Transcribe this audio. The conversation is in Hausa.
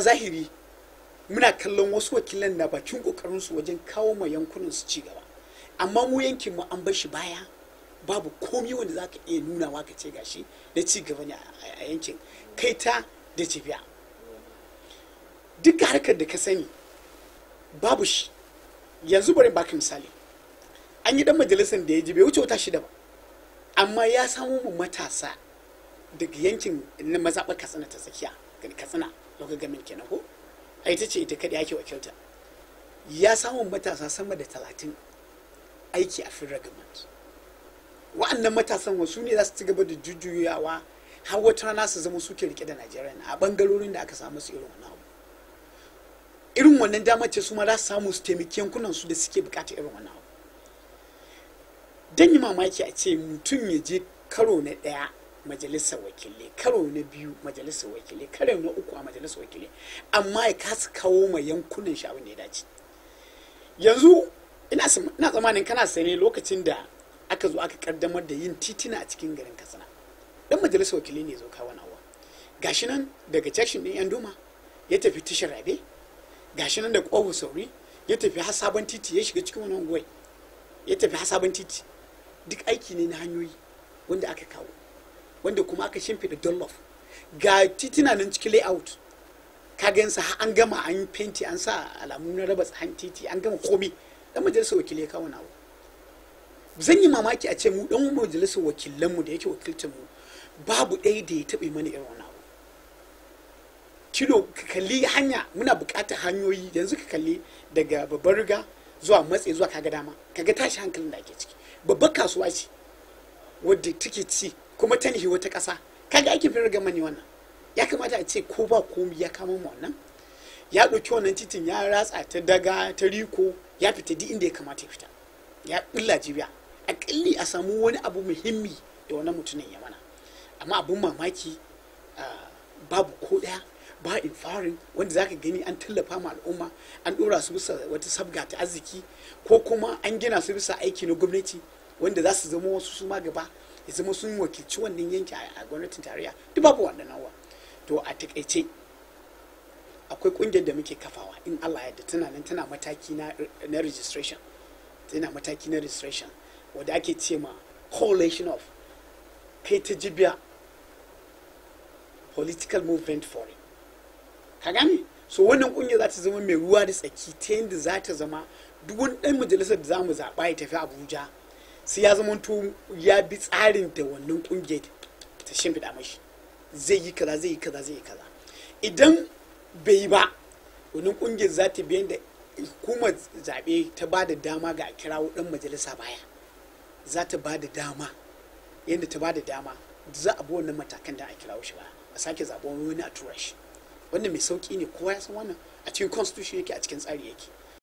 a zahiri muna kallon wasu wakilan na bakin su wajen kawo ma yankunan su ci gaba amma mu yankin mu an bar shi baya babu komi wanda zaka iya iya nunawa ka ce gashi na ci gaba ne a yankin kai ta da tafiya duk harkar da ka sani babu shi yanzu bari baka misali an yi dan majalisar da ya ji bai wuce wata shida ba amma ya samu mu matasa daga yankin na mazaɓar katsina ta tsakiya katsina local gamin kenan ko a ita ce ita kaɗai ake wakilta ya samun matasa sama da talatin aiki a federal government wa'annan matasan wasu ne za su ci gaba da jujjuyawa har wata rana su zama suke rike da najeriya a bangarorin da aka samu su irin wannan irin wannan dama ce su ma za su samu su taimaki yankunan su da suke bukata irin wannan abu don yi mamaki a ce mutum ya je karo na ɗaya majalisar wakilai karo na biyu majalisar wakilai karo na uku a majalisar wakilai amma ya kasa kawo ma yankunan shi abin da ya dace yanzu ina tsammanin kana sani lokacin da aka zo aka kaddamar da yin titina a cikin garin katsina dan majalisar wakilai ne zo kawo nawa gashi nan daga jakshin din yan doma ya tafi tashar rabe gashi nan da ƙofar sauri ya tafi har sabon titi ya shiga cikin wani unguwai ya tafi har sabon titi duk aiki ne na hanyoyi wanda aka kawo wanda kuma aka da dollof ga titina nan cikin layout ka gansa an gama an fenti an sa alamu na raba tsahan titi an gama komi dan majalisar wakilai kawo na zan yi mamaki a ce mu dan majalisar wakilanmu da yake wakiltar mu babu ɗaya da ya taɓa mana irin wani abu kilo ka kalli hanya muna buƙatar hanyoyi yanzu ka kalli daga babbar riga zuwa matse zuwa kaga dama kaga tashi hankalin da ake ciki babbar kasuwa ce wadda take ci kuma ta nihi wata ƙasa kaga ake firar gama ne wannan ya kamata a ce ko ba komi ya kama mu wannan ya ɗauki wannan titin ya ratsa ta daga ta riko ya fita duk inda ya kamata ya fita ya ɓilla jibiya aƙalli a samu wani abu muhimmi da wani mutumin ya mana amma abun mamaki babu ko ɗaya ba in farin wanda zaka gani an tallafa ma al'umma an ɗora su bisa wata sabga ta arziki ko kuma an gina su bisa aiki na gwamnati wanda za su zama wasu su ma gaba ya zama sun wakilci wannan yanki a gwamnatin tarayya duk babu wannan nawa to a takaice akwai kungiyar da muke kafawa in Allah ya tana nan tana mataki na registration tana mataki na registration wanda ake ce ma coalition of kai ta jibiya political movement for it ka gane so wannan kungiyar za ta zama mai ruwa da tsaki ta yadda za ta zama duk wani dan majalisar da za mu zaɓa ya tafi abuja sai ya zama ya bi tsarin da wannan kungiyar ta shimfiɗa mashi zai yi kaza zai yi kaza zai yi kaza idan bai yi ba wannan kungiyar za ta biyan da hukumar zaɓe ta ba da dama ga a kirawo ɗan majalisa baya za ta ba da dama yadda ta ba da dama za a bi wannan matakan da a kirawo shi ba a sake zaɓen wani a tura shi mai sauƙi ne kowa ya san wannan a cikin constitution yake a cikin tsari yake